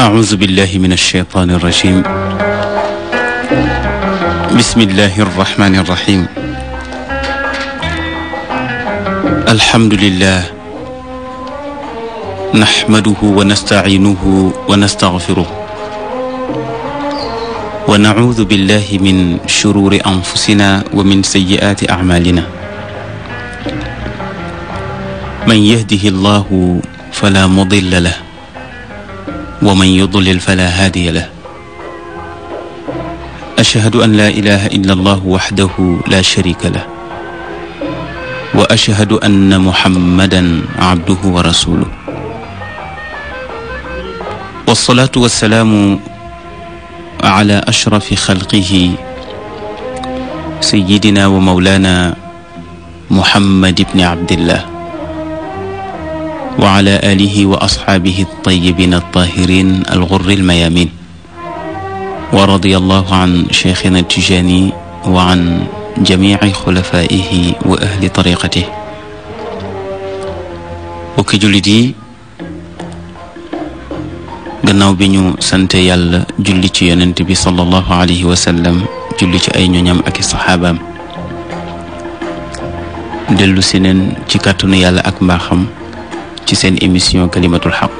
أعوذ بالله من الشيطان الرجيم بسم الله الرحمن الرحيم الحمد لله نحمده ونستعينه ونستغفره ونعوذ بالله من شرور أنفسنا ومن سيئات أعمالنا من يهده الله فلا مضل له ومن يضلل فلا هادي له أشهد أن لا إله إلا الله وحده لا شريك له وأشهد أن محمدا عبده ورسوله والصلاة والسلام على أشرف خلقه سيدنا ومولانا محمد بن عبد الله wa ala alihi wa asxaabihi altayibin altahirin algurri almayamin wa radiya allahu an cheikhina tijani wa an jamici xulafaihi wa ahli tariqatih bokki jullit yi gannaaw bi ñu sante yàlla julli ci yonent bi sallallahu alayhi wa sallam julli ci ay ñoñam ak i saxaabaam dellu si neen ci kàttanu yàlla ak mbaaxam ci seen émission kalimatul xaq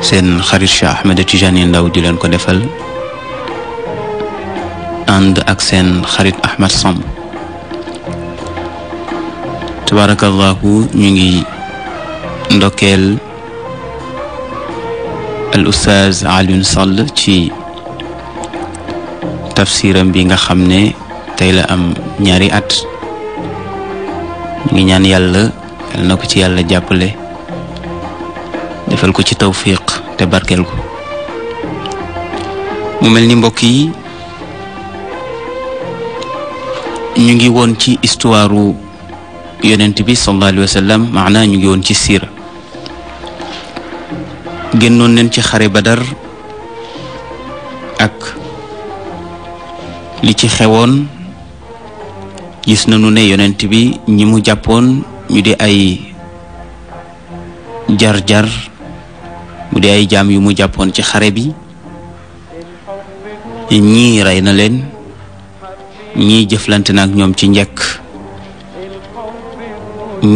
seen xarit Cheikh Ahmed Tidiane Ndao di leen ko defal ànd ak seen xarit Ahmed Samb tabarakallahu ñu ngi ndokkeel al ustaaz Alioune Sall ci tafsiram bi nga xam ne tey la am ñaari at ngi ñaan yàlla yal na ko ci yàlla jàppale defal ko ci tawfiq te barkeel ko mu mel ni mbokk yi ñu ngi woon ci histoire yonent bi sallallahu alayhi wa sallam maanaa ñu ngi woon ci siira génnoon nañ ci xare badar ak li ci xewoon gis nañu ne yonent bi ñi mu jàppoon ñu di ay jar-jar mu di ay jaam yu mu jàppoon ci xare bi ñii rey na leen ñii jëflante na ak ñoom ci njëkk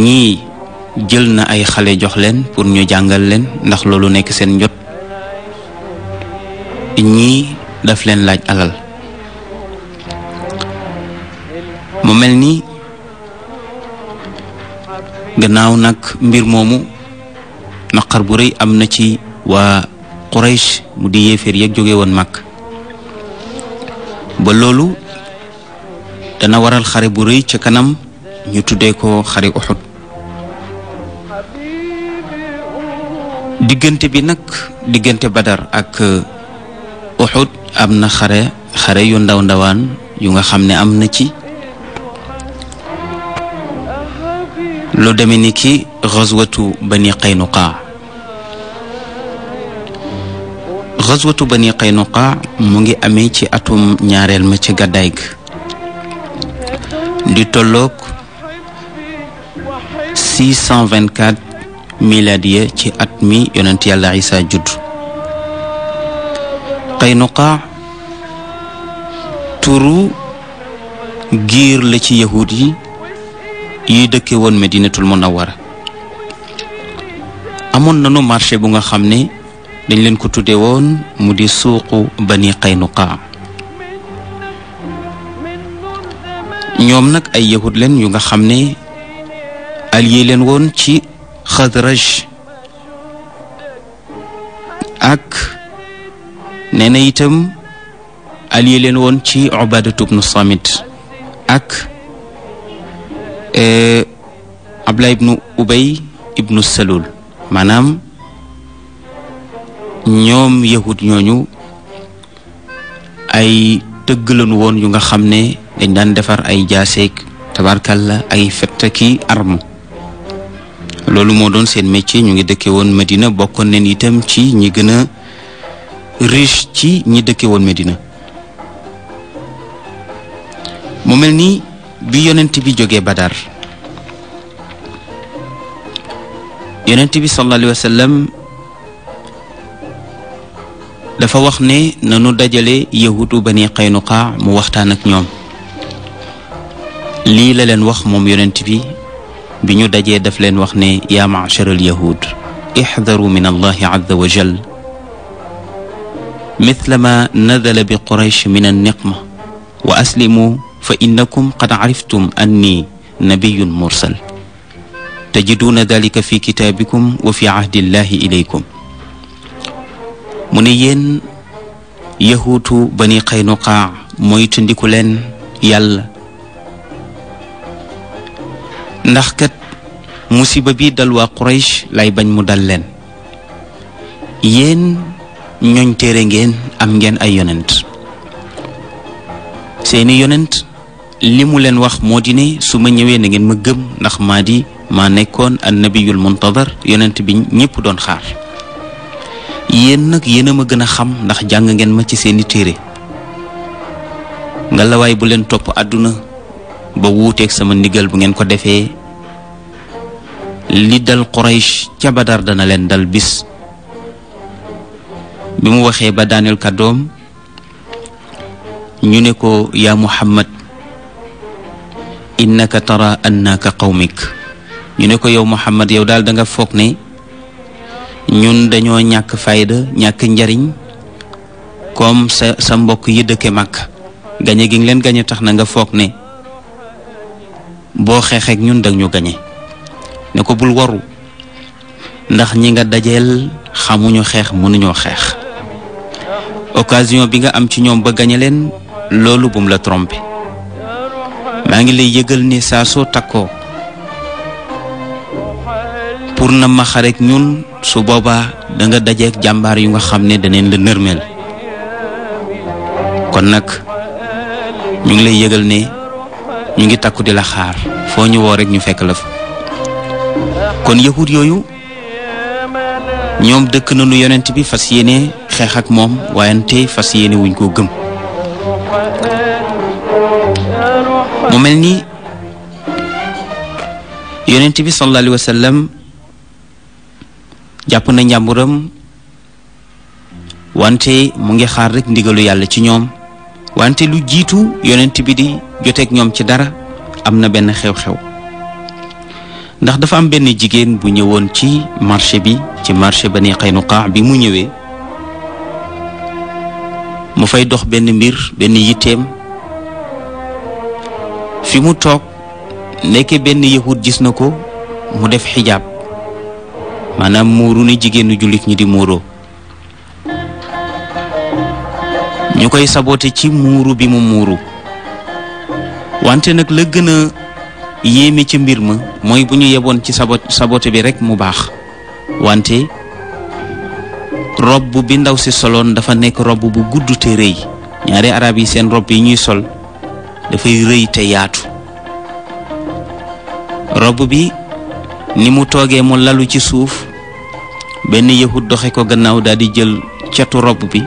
ñii jël na ay xale jox leen pour ñu jàngal leen ndax loolu nekk seen njot ñii daf leen laaj alal mu mel ni gannaaw nag mbir moomu naqar bu rëy am na ci waa Quraysh mu di yéeféer yeeg jóge woon màkk ba loolu dana waral xare bu rëy ca kanam ñu tuddee ko xare Uhud diggante bi nag diggante Badar ak Uhud am na xare xare yu ndaw ndawaan yu nga xam ne am na ci lu deme niki ki ba ni qaynuqaa xaswatu mu ngi ame ci atum ñaareel ma ci gàddaay gi di tolloog 624 miladiya ci at mi yonent yàlla isa judd qaynuqaa turu giir la ci yahud yi yi dëkke woon a war amoon nanu marché bu nga xam ne dañ leen ko tudde woon mu di suuqu bani Qaynuqa ñoom nag ay yahud yu nga xam ne allié leen woon ci Xadraj ak nee na itam allié leen woon ci Ubadatu bnu Samit ak Eh, Abdullah ibnu Ubay ibnu Salul maanaam ñoom yahud ñooñu ay tëgg woon yu nga xam ne dañ daan defar ay jaaseeg tabarkalla ay fettaki arm loolu moo doon seen métier ñu ngi dëkke woon Medina bokkoon neen itam ci ñi gën a riche ci ñi dëkke woon Medina mu mel ni bi yonent bi jógee Badar yonent bi sallallahu alayhi wa sallam dafa wax ne nanu dajale yahudu bani Qaynuqa mu waxtaan ak ñoom lii la leen wax moom yonent bi bi ñu dajee daf leen wax ne yaa ma'shar al yahud ixdaru min allahi azza wa jal mithla ma nadala bi quraysh min an niqma wa aslimu fa innakum qad ariftum anni nabiyun mursal tajiduuna dalika fi kitaabikum wa fi ahdillahi ilaykum mu ne yéen yahuutu bani xaynuqaa moytu ndiku leen yàlla ndax kat musiba bi dal waa Quraysh lay bañ mu dal leen yéen ñooñ téere ngeen am ngeen ay yonent seeni yonent li mu leen wax moo di ne su ma ñëwee na ngeen ma gëm ndax maa di maa nekkoon annabiyul muntadar yonent bi ñëpp doon xaar yéen nag yéen a ma gën a xam ndax jàng ngeen ma ci seeni téere ngalawaay bu leen topp àdduna ba wuuteek sama ndigal bu ngeen ko defee li dal Quraysh ca Badar dana leen dal bis bi mu waxee ba daaneel kàddoom ñu ne ko yaa Muhammad innaka tara annaka qawmik ñu ne ko yow Muhammad yow daal danga foog ne ñun dañoo ñàkk fayda ñàkk njariñ comme sa sa mbokk yi dëkke màkk gañe gi leen gañe tax na nga foog ne boo xeexeek ñun dag ñu gañe ne ko bul waru ndax ñi nga dajeel xamuñu xeex mënuñoo xeex occasion bi nga am ci ñoom ba gañe leen loolu bum la tromper maa ngi lay yëgal ni saa soo takkoo pour na ma xarek ñun su boobaa danga nga dajeek jàmbaar yu nga xam ne daneen la nërmeel kon nag ñu ngi lay yëgal ne ñu ngi takku di la xaar foo ñu woo rek ñu fekk la fa kon yahut yooyu ñoom dëkk nañu yonent bi fas yéene xeex ak moom waayante fas yéene wuñ koo gëm mu mel ni yonent bi sallallahu alayhi jàpp na njàmburam wante mu ngi xaar rek ndigalu yàlla ci ñoom wante lu jiitu yonent bi di joteeg ñoom ci dara am na benn xew-xew ndax dafa am benn jigéen bu ñëwoon ci marché bi ci marché Bani Qaynuqa bi mu ñëwee mu fay dox benn mbir benn yitteem fi mu toog nekke benn yahud gis na ko mu def xijaab maanaam muuru ni jigéenu jullit ñi di muuroo ñu koy sabote ci muuru bi mu muuru wante nag la gën a yéeme ci mbir ma mooy bu ñu yeboon ci sabot sabote bi rekk mu baax wante robb bi ndaw si soloon dafa nekk robb bu gudd te rëy ñaari arab yi seen robb yi ñuy sol dafay rëy te yaatu rob bi ni mu toogee mu lalu ci suuf benn yahut doxe ko gannaaw daal di jël catu rob bi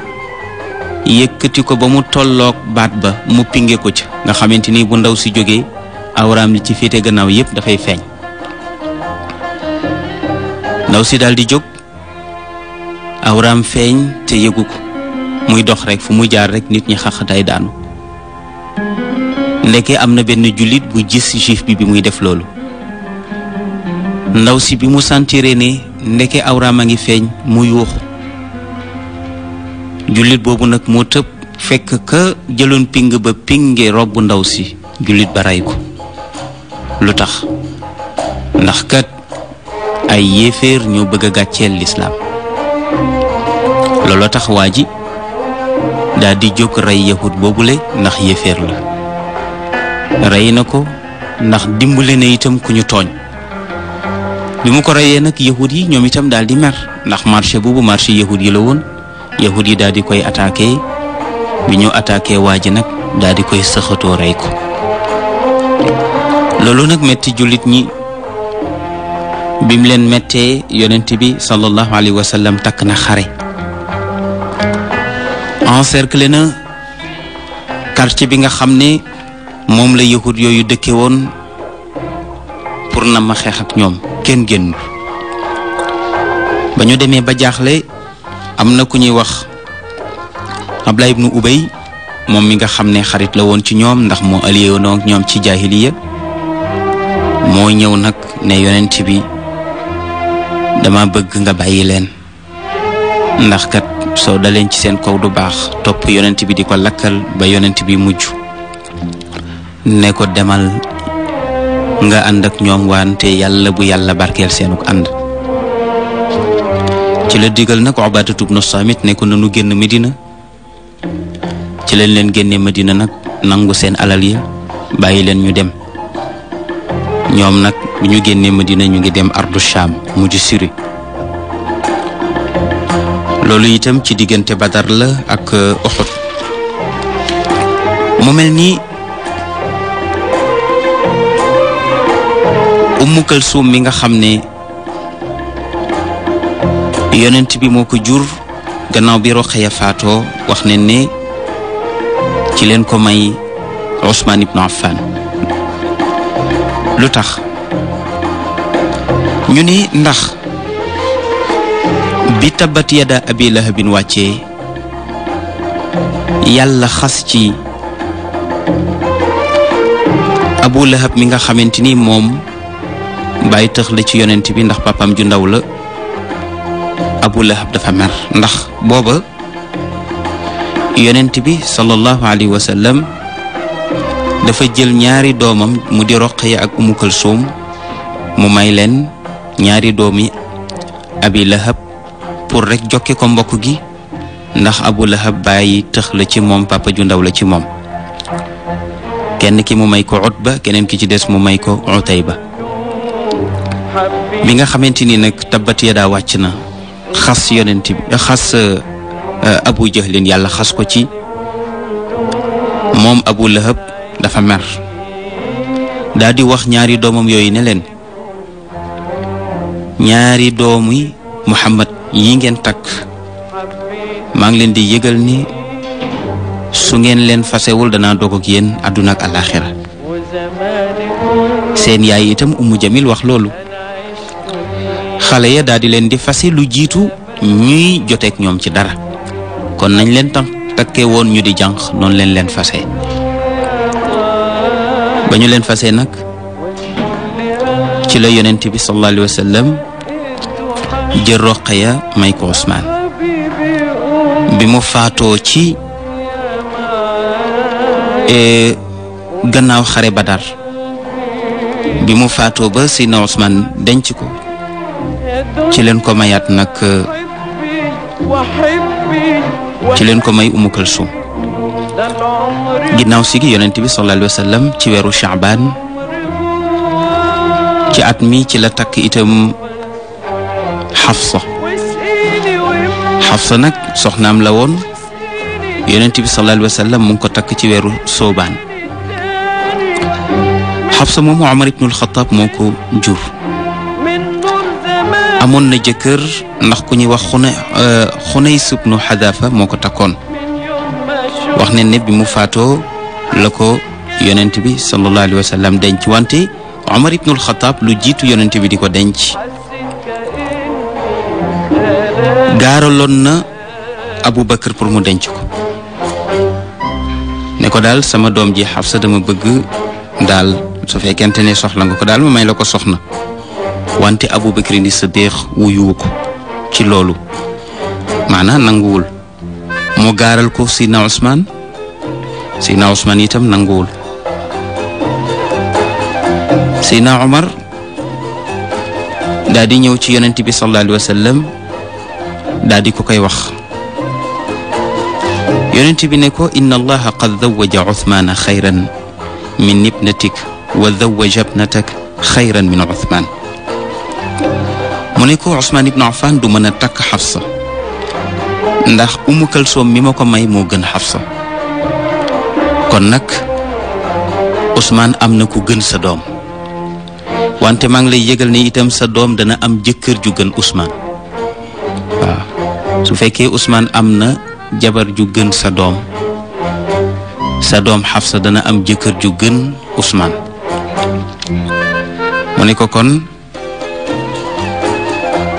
yëkkati ko ba mu tollook baat ba mu pinge ko ca nga xamante ni bu ndaw si jógee awraam li ci féete gannaaw yépp dafay feeñ ndaw si daldi jóg awraam feeñ te yëgu ko muy dox rek fu mu jaar rek nit ñi xax day daanu ndeke am na benn jullit bu gis juif bi bi muy def loolu ndaw si bi mu sentire ne ndeke awraam a ngi feeñ mu yuuxu jullit boobu nag moo tëb fekk ka jëloon ping ba pinge rob bu ndaw si jullit ba rey ko lu tax ndax kat ay yéeféer ñoo bëgg a gàcceel lislaam looloo tax waa ji daldi di jóg rey yahut boobule ndax yéeféer la rey na ko ndax dimbale na itam ku ñu tooñ bi mu ko reyee nag yahud yi ñoom itam daal di mer ndax marché boobu marché yahud yi la woon yahud yi daal di koy attaqué bi ñu attaqué waa ji nag daal di koy sëxatoo rey ko loolu nag metti jullit ñi bi mu leen mettee yonent bi sallallahu alayhi wa sallam takk na xare encerclé na quartier bi nga xam ne moom la yahud yooyu dëkke woon pour na ma xeex ak ñoom kenn génn ba ñu demee ba jaaxle am na ku ñuy wax Abdallah ibnu Ubay moom mi nga xam ne xarit la woon ci ñoom ndax moo allié woon ñoom ci jaahiliya moo ñëw nag ne yonent bi dama bëgg nga bàyyi leen ndax kat soo daleen ci seen kaw du baax topp yonent bi di ko lakkal ba yonent bi mujj ne ko demal nga ànd ak ñoom wante yàlla bu yàlla barkeel seenuk ànd ci la digal nag Ubaadatu bnu Saamit ne ko nanu génn Medina ci lañ leen génne Medina nag nangu seen alal yi bàyyi leen ñu dem ñoom nag bu ñu ma dina ñu ngi dem ardu Sham mujj Syrie loolu itam ci diggante Badar la ak uh, Uhud mu mel nii Umm Kalsum mi nga xam ne yonent bi moo ko jur gannaaw bi Roqaya faatoo wax ne ne ci leen ko may Ousmane Ibn Affan lu tax ñu ni ndax bi tabbat yada abi lahabin yàlla xas ci abu mi nga xamante ni moom bàyyi tëx la ci yonent bi ndax papam ju ndaw la abu lahab dafa mar ndax booba yonent bi sallallahu alayhi wa sallam dafa jël ñaari doomam mu di Roqaya ak Umu Kalsum mu may leen ñaari doomi abi lahab pour rek jokke ko mbokk gi ndax abu lahab bàyyi tëx la ci moom papa ju ndaw la ci moom kenn ki mu may ko ba keneen ki ci des mu may ko ba bi nga xamante ni nag tabbat daa wàcc na xas yonent bi eh, xas eh, abu jahlin yàlla xas ko ci moom abu lahab dafa mer daal di wax ñaari doomam yooyu ne leen ñaari doomi muhammad yi ngeen takk maa ngi leen di yëgal ni su ngeen leen fasewul danaa dog ak yéen àdduna ak àllaaxira seen yaay itam ummu jamil wax loolu xale ya daal di leen di fase lu jiitu ñuy joteek ñoom ci dara kon nañ leen tam takke woon ñu di jànq noonu leen leen fase ba ñu leen fase nag ci la yonent bi sallallahu alayhi wa sallam jël may ko Usmaan bi mu faatoo ci e, gannaaw xare Badar bi mu faatoo ba Seydina Usmaan denc ko ci leen ko mayaat nag ci leen ko may Umu Kalsum ginnaaw si gi yonent bi sallallahu alayhi ci weeru Shaaban ci at mi ci la takk itam Xafsa Xafsa nag soxnaam la woon yonent bi sallallahu alayhi mu ngi ko takk ci weeru Soobaan Xafsa moomu Omar ibnul Xataab moo ko jur. amoon na jëkkër ndax ku ñuy wax xuna euh, xunay subnu xadaafa moo ko takkoon wax ne ne bi mu faatoo la ko yonent bi sallallahu alayhi wa sallam denc wante Omar ibnul Xataab lu jiitu yonent bi di ko denc gaaraloon na Abu Bakar pour mu denc ko ne ko daal sama doom ji Xafsa dama bëgg daal su fekkente ne soxla nga ko daal ma may la ko soxna wante Abubakri ni Siddiq wuyuwu ko ci loolu maanaam nanguwul moo gaaral ko Sidna Ousmane Sidna Ousmane itam nanguwul Sidna Omar daa ñëw ci yonent bi sallallahu alayhi wa ko koy wax yonent bi ne ko inna allaha qad zawaja Ousmana xayran min ibnatik wa zawaja ibnatak xayran min Ousmane mu ne ko Ousmane Ibn Affan du mën a takk Xafsa ndax Umu Kalsoom mi ma ko may moo gën Xafsa kon nag Ousmane am na ku gën sa doom wante maa ngi lay yëgal ne itam sa doom dana am jëkkër ju gën Ousmane su fekkee Ousmane am na jabar ju gën sa doom sa doom Xafsa dana am jëkkër ju gën Ousmane mu ne ko kon.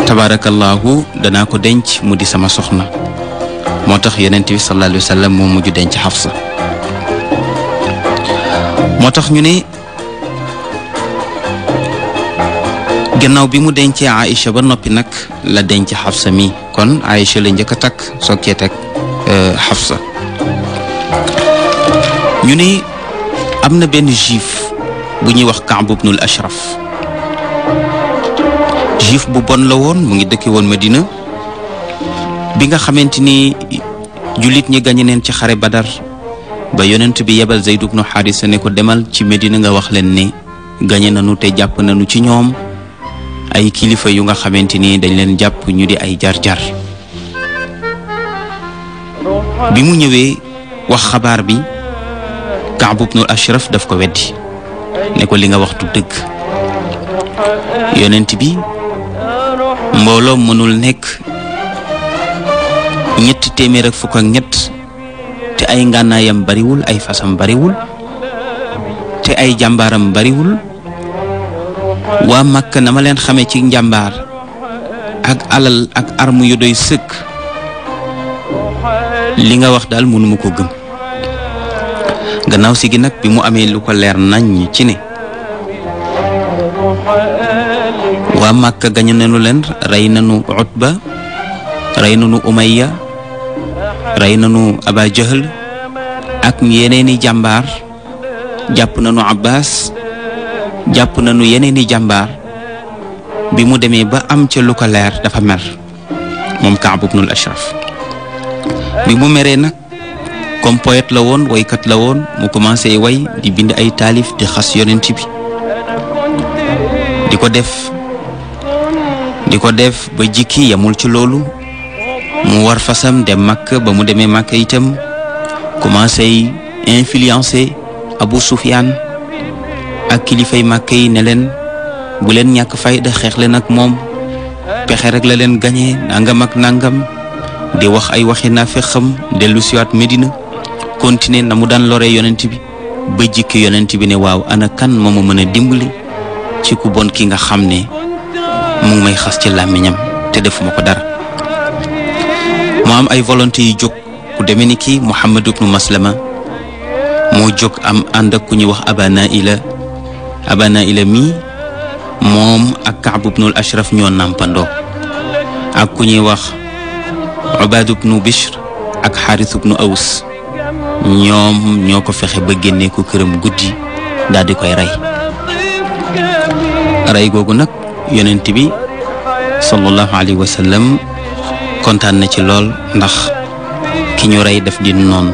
tabaarakallaahu danaa ko denc mu di sama soxna moo tax yonent bi sallallahu alayhi wa moo mujj denc Xafsa moo tax ñu ni gannaaw bi mu dencee Aïcha ba noppi nag la denc Xafsa mi kon Aïcha la njëkk a takk sokkee teg Xafsa euh, ñu ni am na benn juif bu ñuy wax Kaab ibnul Ashraf juif bu bon la woon mu ngi dëkke woon Medina bi nga xamante ni jullit ñi gañe neen ci xare Badar ba yonent bi yebal Zayd ibnu Haarisa ne ko demal ci Medina nga wax leen ne gañe nañu te jàpp nañu ci ñoom ay kilifa yu nga xamante ni dañ leen jàpp ñu di ay jar-jar bi mu ñëwee wax xabaar bi Kaab ibnu Ashraf daf ko weddi ne ko li nga wax dëgg yonent bi mbooloo mënul nekk ñetti téeméer ak fukk ñett te ay ngànnaayam bariwul ay fasam bariwul te ay jàmbaaram bariwul waa Makka nama leen xamee ci njàmbaar ak alal ak arme yu doy sëkk li nga wax daal mënuma ko gëm gannaaw si gi nag bi mu amee lu ko leer naññ ci ne waa Màkka gañe nañu leen rey nañu Utba rey na nañu Umayya rey nañu Aba Jahl ak yeneeni jàmbaar jàpp nañu Abbas jàpp nañu yeneeni jàmbaar bi mu demee ba am ca lu ko leer dafa mer moom Kaab ibnul Ashraf bi mu meree nag comme poète la woon woykat la woon mu commencé way di bind ay taalif di xas yonent bi di ko def di ko def ba jikki yamul ci loolu mu war fasam dem makk ba mu demee màkk itam commencé influencer Abu Sufyaan ak kilifay màkk yi ne leen bu leen ñàkk fayda xeex leen ak moom pexe rek la leen gañee nangam ak nangam di wax ay waxi naa fexam dellu siwaat Medina continuer na mu daan loree yonent bi ba jikki yonent bi ne waaw ana kan moo ma mën a dimbali ci ku bon ki nga xam ne mu may xas ci làmmiñam te defuma ko dara mu am ay volonté yu jóg ku demee ni kii Muhammad ibnu Maslama moo jóg am ànd ak ku ñuy wax Abana Ila Abana Ila mii moom ak Kaab nu Ashraf ñoo nàmpandoo ak ku ñuy wax Ubaad ibnu Bishr ak Xaaris nu Aws ñoom ñoo ko fexe ba génnee ko këram guddi daal di koy rey rey googu nag yonent bi sallallahu alayhi wa sallam kontaan na ci lool ndax ki ñu rey def di noon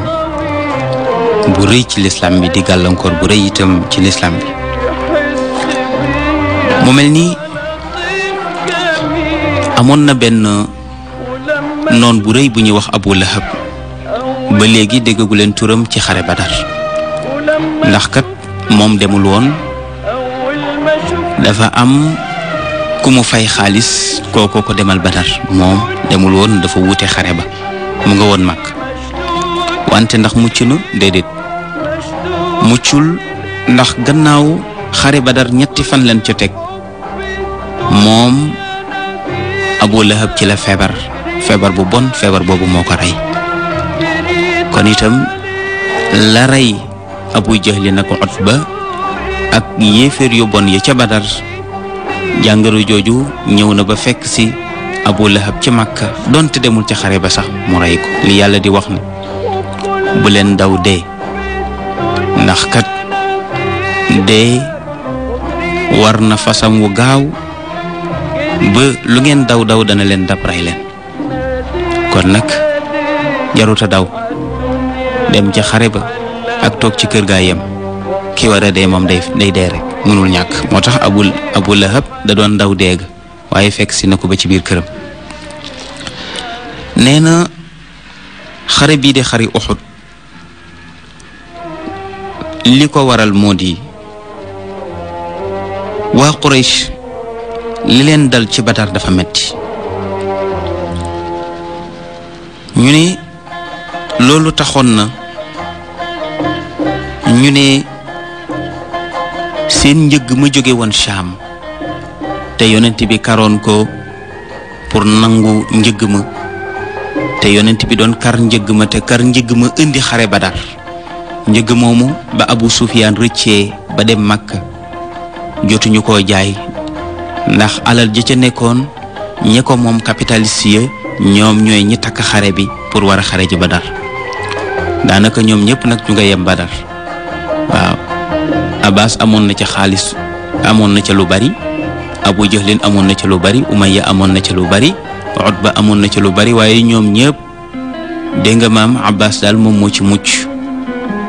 bu rëy ci lislaam bi di gàllankoor bu rëy itam ci lislaam bi mu mel ni amoon na benn noon bu rëy bu ñuy wax Abu Lahab ba léegi déggaguleen turam ci xare Badar ndax kat moom demul woon dafa am ku mu fay xaalis kookoo ko demal Badar moom demul woon dafa wute xare ba mu nga woon mag wante ndax mucc na déedéet muccul ndax gannaaw xare Badar ñetti fan lañ ca teg moom Abu Lahab ci la feebar feebar bu bon feebar boobu moo ko rey kon itam la rey Abu Jahli na ko Utba ak yéeféer yu bon ya ca Badar jàngoro jooju ñëw na ba fekk si abu lahab ci màkka donte demul ci xare ba sax mu rey ko li yàlla di wax ne bu leen daw dee ndax kat dee war na fasam wu gaaw ba lu ngeen daw daw dana leen dab rey leen kon nag jaruta daw dem ci xare ba ak toog ci kër gaa yem ki war a dee moom day day dee mënul ñàkk moo tax abul abu lahab da doon ndaw deeg waaye fekk si na ko ba ci biir këram nee na xare bii di xari uxud li ko waral moo di waa Quraysh li leen dal ci Badar dafa metti ñu ni loolu taxoon na ñu ne seen njëgg ma jóge woon Saam te yonent bi karoon ko pour nangu njëgg ma te yonent bi doon kar njëgg ma te kar njëgg ma indi xare Badar njëgg moomu ba Abu Sufyaan rëccee ba dem mag jotuñu ko jaay ndax alal ja ca nekkoon ñi ko moom capitaliste ya ñoom ñooy ñi takk xare bi pour war a xare ji Badar daanaka ñoom ñëpp nag ñu nga yem waaw Abbas amoon na ca xaalis amoon na ca lu bari Abu Jahlin amoon na ca lu bari Umayya amoon na ca lu bari Utba amoon na ca lu bari waaye ñoom ñëpp dégg nga maam Abbas daal moom moo ci mucc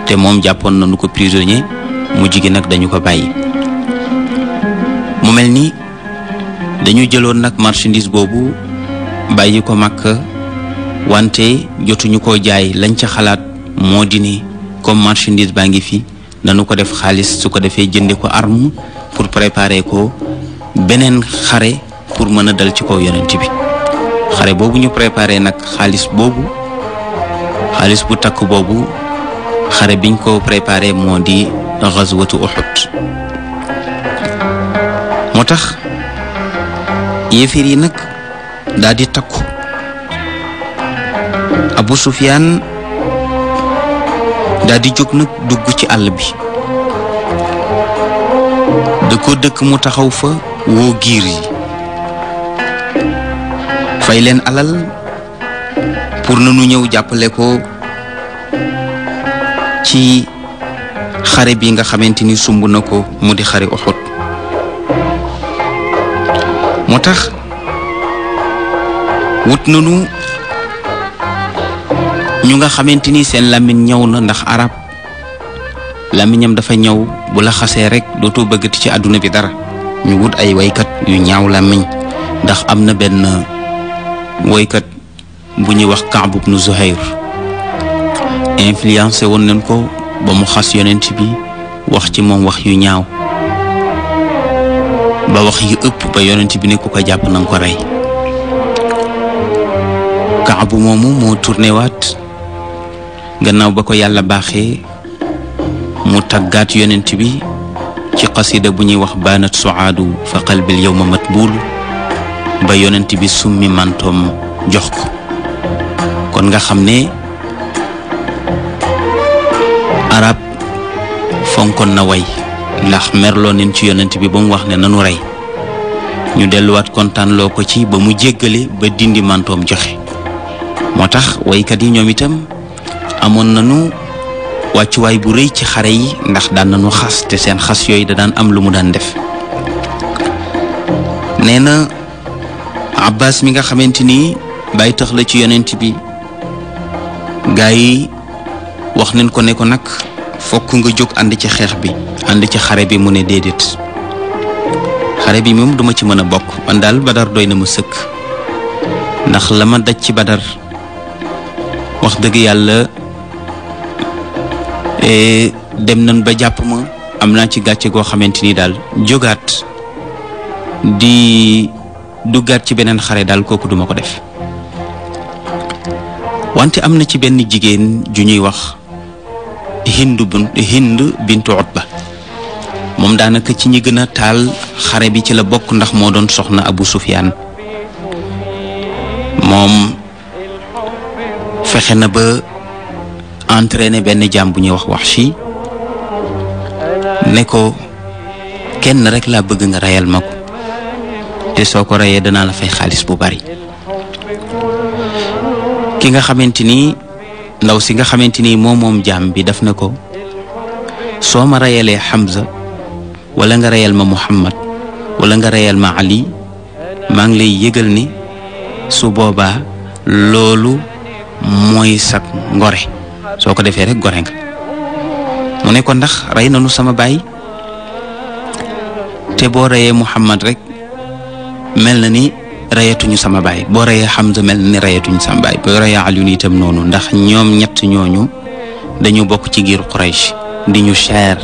te moom jàppoon nañu ko prisonnier mu jigéen nag dañu ko bàyyi mu mel ni dañu jëloon nag marchandise boobu bàyyi ko Makka wante jotuñu ko jaay lañ ca xalaat moo di ne comme marchandise baa ngi fi. dañu ko def xaalis su ko defee jënde ko arme pour préparer ko beneen xare pour mën a dal ci kaw yonent bi xare boobu ñu préparer nag xaalis boobu xaalis bu takk boobu xare biñ ko préparer moo di gazwatu Uhud moo tax yéefir yi nag daal di takku Abu Sufyaan daal di jóg nag dugg ci àll bi da ko dëkk mu taxaw fa woo giir yi fay leen alal pour nanu ñëw jàppale ko ci xare bi nga xamante ni sumb na ko mu di xare Uhud moo tax wut nanu ñu nga xamante ni seen làmmiñ ñëw na ndax arab làmmiñam dafa ñëw bu la xasee rek dootoo bëggati ci àdduna bi dara ñu wut ay waykat yu ñaaw làmmiñ ndax am na benn woykat bu ñuy wax Kaab ibnu Zuhayr influencé woon nañ ko ba mu xas yonent bi wax ci moom wax yu ñaaw ba wax yu ëpp ba yonent bi ne ku ko jàpp na ko rey Kaabu moomu moo tourné gannaaw ba ko yàlla baaxee mu taggaat yonent bi ci xasida bu ñuy wax baanat suaadu fa qalbil yawma matbuul ba yonent bi summi mantoom jox ko kon nga xam ne arab fonkoon na way ndax merloo nen ci yonent bi ba mu wax ne nanu rey ñu delluwaat kontaanloo ko ci ba mu jéggale ba dindi mantoom joxe moo tax waykat yi ñoom itam amoon nañu wàccuwaay bu rëy ci xare yi ndax daan nañu xas te seen xas yooyu da daan am lu mu daan def nee na Abbas mi nga xamante ni bàyyi tax la ci yonent bi gaa yi wax nañ ko ne ko nag fokk nga jóg ànd ci xeex bi ànd ci xare bi mu ne déedéet xare bi moom duma ci mën a bokk man daal badar doy na ma sëkk ndax la ma daj ci badar wax dëgg yàlla e dem nañ ba jàpp ma am naa ci gàcce goo xamante ni daal jógaat di duggaat ci beneen xare daal kooku duma ko def wante am na ci benn jigéen ju ñuy wax hind hind bintu Utba moom daanaka ci ñi gën a taal xare bi ci la bokk ndax moo doon soxna Abu Sufyaan moom fexe na ba entraîné benn jaam bu ñuy wax wax si ne ko kenn rek laa bëgg nga reyal ma ko te soo ko reyee danaa la fay xaalis bu bari ki nga xamante ni ndaw si nga xamante ni moom moom jaam bi daf na ko soo ma reyalee Hamza wala nga reyal ma Muhammad wala nga reyal ma Ali maa ngi lay yëgal ni su boobaa loolu mooy sag ngore soo ko defee rek gore mu ne ko ndax rey na nanu sama baay te boo reyee Muhammad rek mel na ni reyatuñu sama baay boo reyee Hamza mel na ni reyatuñu sama baay boo reyee Alioune itam noonu ndax ñoom ñett ñooñu dañu bokk ci giir Quraysh di ñu cher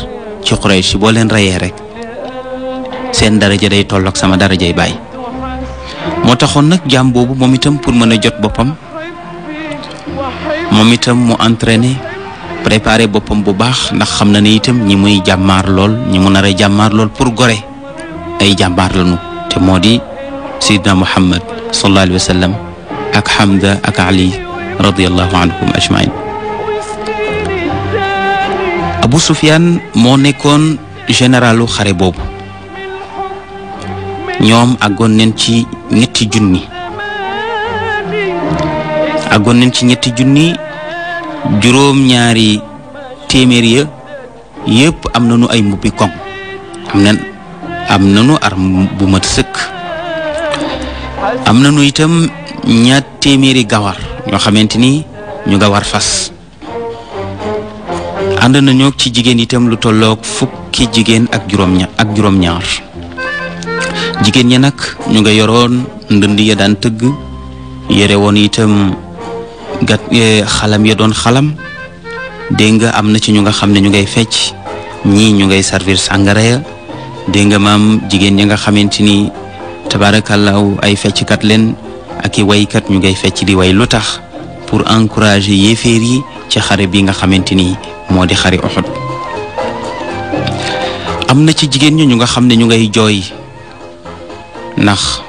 ci Quraysh boo leen reyee rek seen daraja day tolloog sama darajay baay moo taxoon nag jaam boobu moom itam pour mën a jot boppam moom itam mu entraîné préparé boppam bu baax ndax xam na ne itam ñi muy jàmmaar lool ñi mu nar a jàmmaar lool pour gore ay jàmbaar lañu te moo di Seydina Muhammad sallallahu alayhi wa sallam ak Hamza ak Ali radiyallahu anhum ajmain Abu Sufyan moo nekkoon généralu xare boobu ñoom àggoon neen ci ñetti junni àggoon nañ ci ñetti junni juróom ñaari téeméer ya yëpp am nañu ay mbubbi koŋ am na am nañu ar bu mat sëkk am na nu itam ñaat téeméeri gawar ñoo xamante ni ñu gawar fas ànd nañoo ci jigéen itam lu tolloog fukki jigéen ak juróom ña ak ñaar jigéen ña nag ñu nga yoroon ndënd ya daan tëgg yore woon itam gat e, xalam ya doon xalam dégg nga am na ci ñu nga xam ne ñu ngay fecc ñii ñu ngay servir sàngara ya dégg nga maam jigéen ñi nga xamante ni tabaarakallaahu ay fecckat leen ak i waykat ñu ngay fecc di way lu tax pour encourager yéeféer yi ci xare bi nga xamante ni moo di xare Uhud am na ci jigéen ñi ñu nga xam ne ñu ngay jooy ndax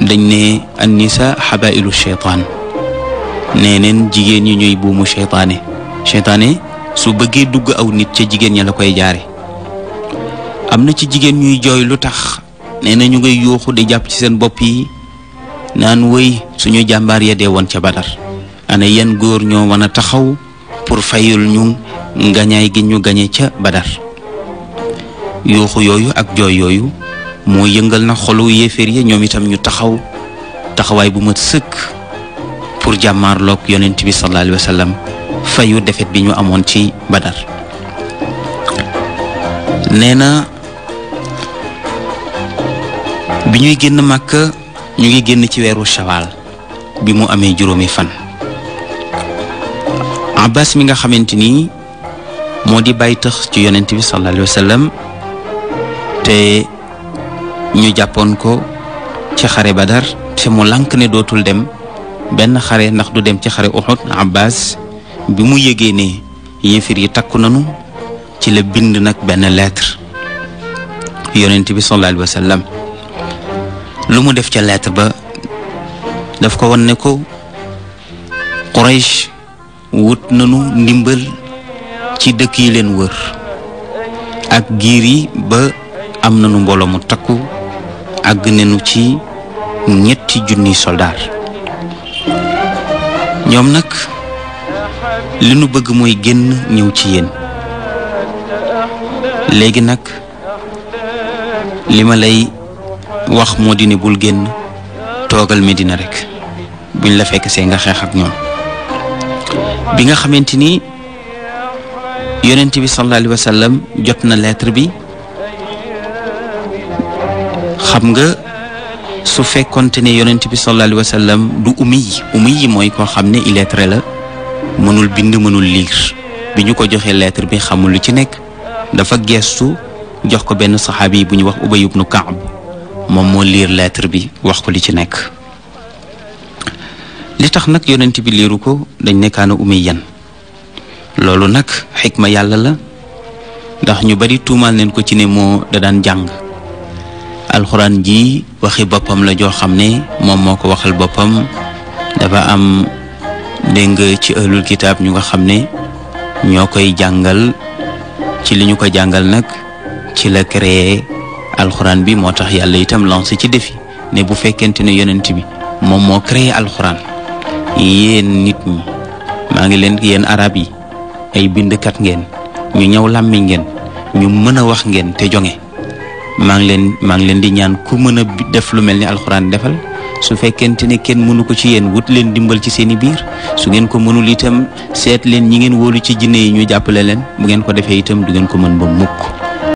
dañ ne sa nisa xabailu cheytaan nee neen jigéen ñi ñuy buumu seytaane seytaane su bëggee dugg aw nit ca jigéen ña la koy jaare am na ci jigéen ñuy jooy lu tax nee na ñu ngay yuuxu di jàpp ci seen bopp yi naan wëy suñu jàmbaar ya dee woon ca badar ana yan góor ñoo mën a taxaw pour fayul ñu ngañaay gi ñu gañe ca badar yuuxu yooyu ak jooy yooyu moo yëngal na xolu yéeféer ya ñoom itam ñu taxaw taxawaay bu mat sëkk pour jàmmaarloog yonent bi sallallahu alayhi wa sallam fayu defet bi ñu amoon ci badar nee na bi ñuy génn màkk ñu ngi génn ci weeru shawaal bi mu amee juróomi fan abbas mi nga xamante ni moo di bàyyi tëx ci yonent bi sallallahu alayhi te ñu jàppoon ko ci xare badar te mu lànk ne dootul dem benn xare ndax du dem ci xare Uhud Abbas bi mu yëgee ne yéefir yi takku nañu ci la bind nag benn lettre yonent bi sallallahu alayhi lu mu def ca lettre ba daf ko wan ne ko Quraysh wut nañu ndimbal ci dëkk yi leen wër ak giir yi ba am nañu mbooloo mu takku àgg nañu ci ñetti junniy soldaar ñoom nag li nu bëgg mooy génn ñëw ci yéen léegi nag li ma lay wax moo di ne bul génn toogal mi Medina rek buñ la fekk see nga xeex ak ñoom bi nga xamante ni yonent bi sallallahu jot na lettre bi xam nga su fekkonte ne yonent bi sallallahu alayhi du ummi yi ummi yi mooy koo xam ne ileetre la mënul bind mënul liir bi ñu ko joxee leetre bi xamul lu ci nekk dafa geestu jox ko benn saxaabi yi bu ñu wax Ubay ibnu Kaab moom moo liir leetre bi wax ko li ci nekk li tax nag yonent bi liiru ko dañ nekkaana ummi yan loolu nag xikma yàlla la ndax ñu bari tuumaal neen ko ci ne moo da daan jàng alxuraan ji waxi boppam la joo xam ne moom moo ko waxal boppam dafa am dégg ci ahlul kitaab ñu nga xam ne ñoo koy jàngal ci li ñu ko jàngal nag ci la créé alxuraan bi moo tax yàlla itam lancé ci defi ne bu fekkente ne yonent bi moom moo créé alxuraan yéen nit ñi maa ngi leen yéen arab yi ay bindkat ngeen ñu ñëw làmmiñ ngeen ñu mën a wax ngeen te jonge maa ngi leen maa ngi leen di ñaan ku mën def lu mel ni alxuraan defal su fekkente ne kenn mënu ko ci yéen wut leen dimbal ci seen i biir su ngeen ko mënul itam seet leen ñi ngeen woolu ci jinne yi ñu jàppale leen bu ngeen ko defee itam du ngeen ko mën ba mukk